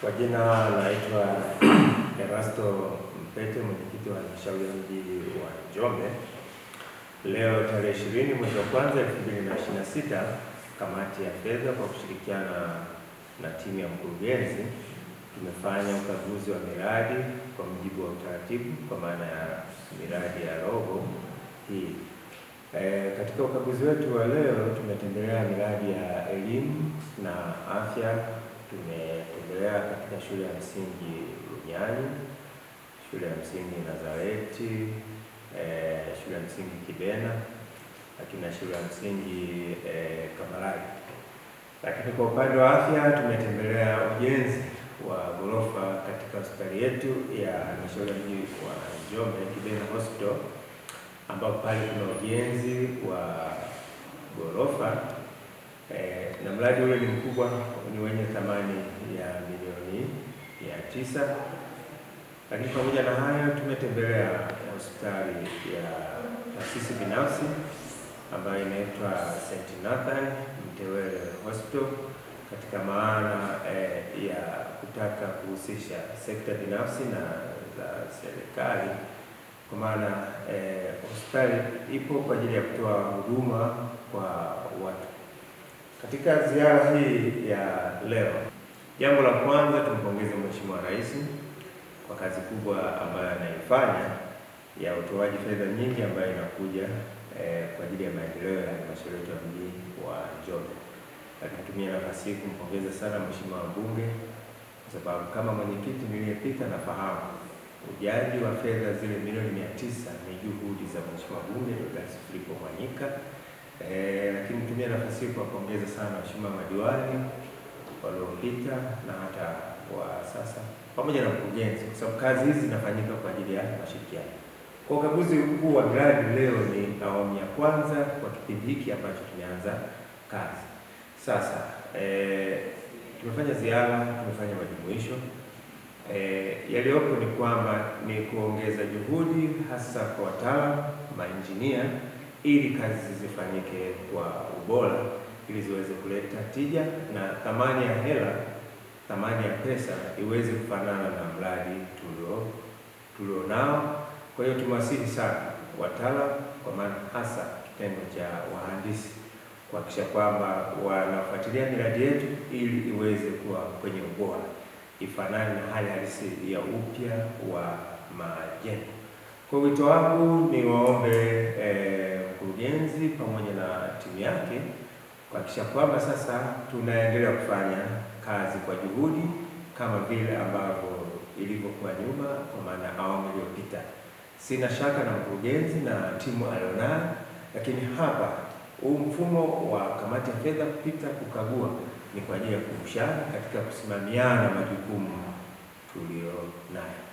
Kwa jina naitwa Erasto Mpete, mwenyekiti wa halmashauri ya mji wa Njombe. Leo tarehe ishirini mwezi wa kwanza elfu mbili na ishirini na sita kamati ya fedha kwa kushirikiana na timu ya mkurugenzi tumefanya ukaguzi wa miradi kwa mujibu wa utaratibu, kwa maana ya miradi ya robo hii. E, katika ukaguzi wetu wa leo tumetembelea miradi ya elimu na afya tumetembelea katika shule ya msingi Lunyani, shule ya msingi Nazareti, e, shule ya msingi Kibena, lakini na shule ya msingi e, Kamalai. Lakini kwa upande wa afya tumetembelea ujenzi wa ghorofa katika hospitali yetu ya halmashauri ya mji wa Njombe Kibena Hospital, ambapo pale kuna ujenzi wa ghorofa eh, na mradi ule ni mkubwa, ni wenye thamani ya milioni ya tisa. Lakini pamoja na hayo tumetembelea hospitali ya taasisi binafsi ambayo inaitwa St. Nathan Mtewele Hospital katika maana eh, ya kutaka kuhusisha sekta binafsi na za serikali kwa maana eh, hospitali ipo kwa ajili ya kutoa huduma kwa watu katika ziara hii ya leo, jambo la kwanza tumpongeze Mheshimiwa Rais kwa kazi kubwa ambayo anaifanya ya utoaji fedha nyingi ambayo inakuja eh, kwa ajili ya maendeleo ya halmashauri yetu ya mji wa Njombe. Lakini tumia nafasi hii kumpongeza sana Mheshimiwa mbunge kwa sababu kama mwenyekiti niliyepita nafahamu ujaji wa fedha zile milioni mia tisa ni juhudi za Mheshimiwa Bunge Deodatus Filipo Mwanyika E, lakini tumia nafasi hii kuwapongeza sana waheshimiwa madiwani waliopita na hata wa sasa pamoja na mkurugenzi, kwa sababu kazi hizi zinafanyika kwa ajili ya mashirikiano. Kwa ukaguzi huu wa mradi leo ni awamu ya kwanza kwa kipindi hiki ambacho tumeanza kazi sasa. E, tumefanya ziara, tumefanya majumuisho. E, yaliyopo ni kwamba ni kuongeza juhudi hasa kwa wataalamu mainjinia ili kazi zifanyike kwa ubora, ili ziweze kuleta tija na thamani ya hela, thamani ya pesa iweze kufanana na mradi tulio tulionao. Kwa hiyo tumewasihi sana wataalamu, kwa maana hasa kitengo cha wahandisi kuhakikisha kwamba wanafuatilia miradi yetu ili iweze kuwa kwenye ubora, ifanane na hali halisi ya upya wa majengo. Kwa wito wangu ni waombe eh, mkurugenzi e, pamoja na timu yake kuhakikisha kwamba sasa tunaendelea kufanya kazi kwa juhudi kama vile ambavyo ilivyokuwa nyuma, kwa maana awamu iliyopita. Sina shaka na mkurugenzi na timu alionayo, lakini hapa huu mfumo wa kamati ya fedha kupita kukagua ni kwa ajili ya kukumbushana katika kusimamiana majukumu tuliyo nayo.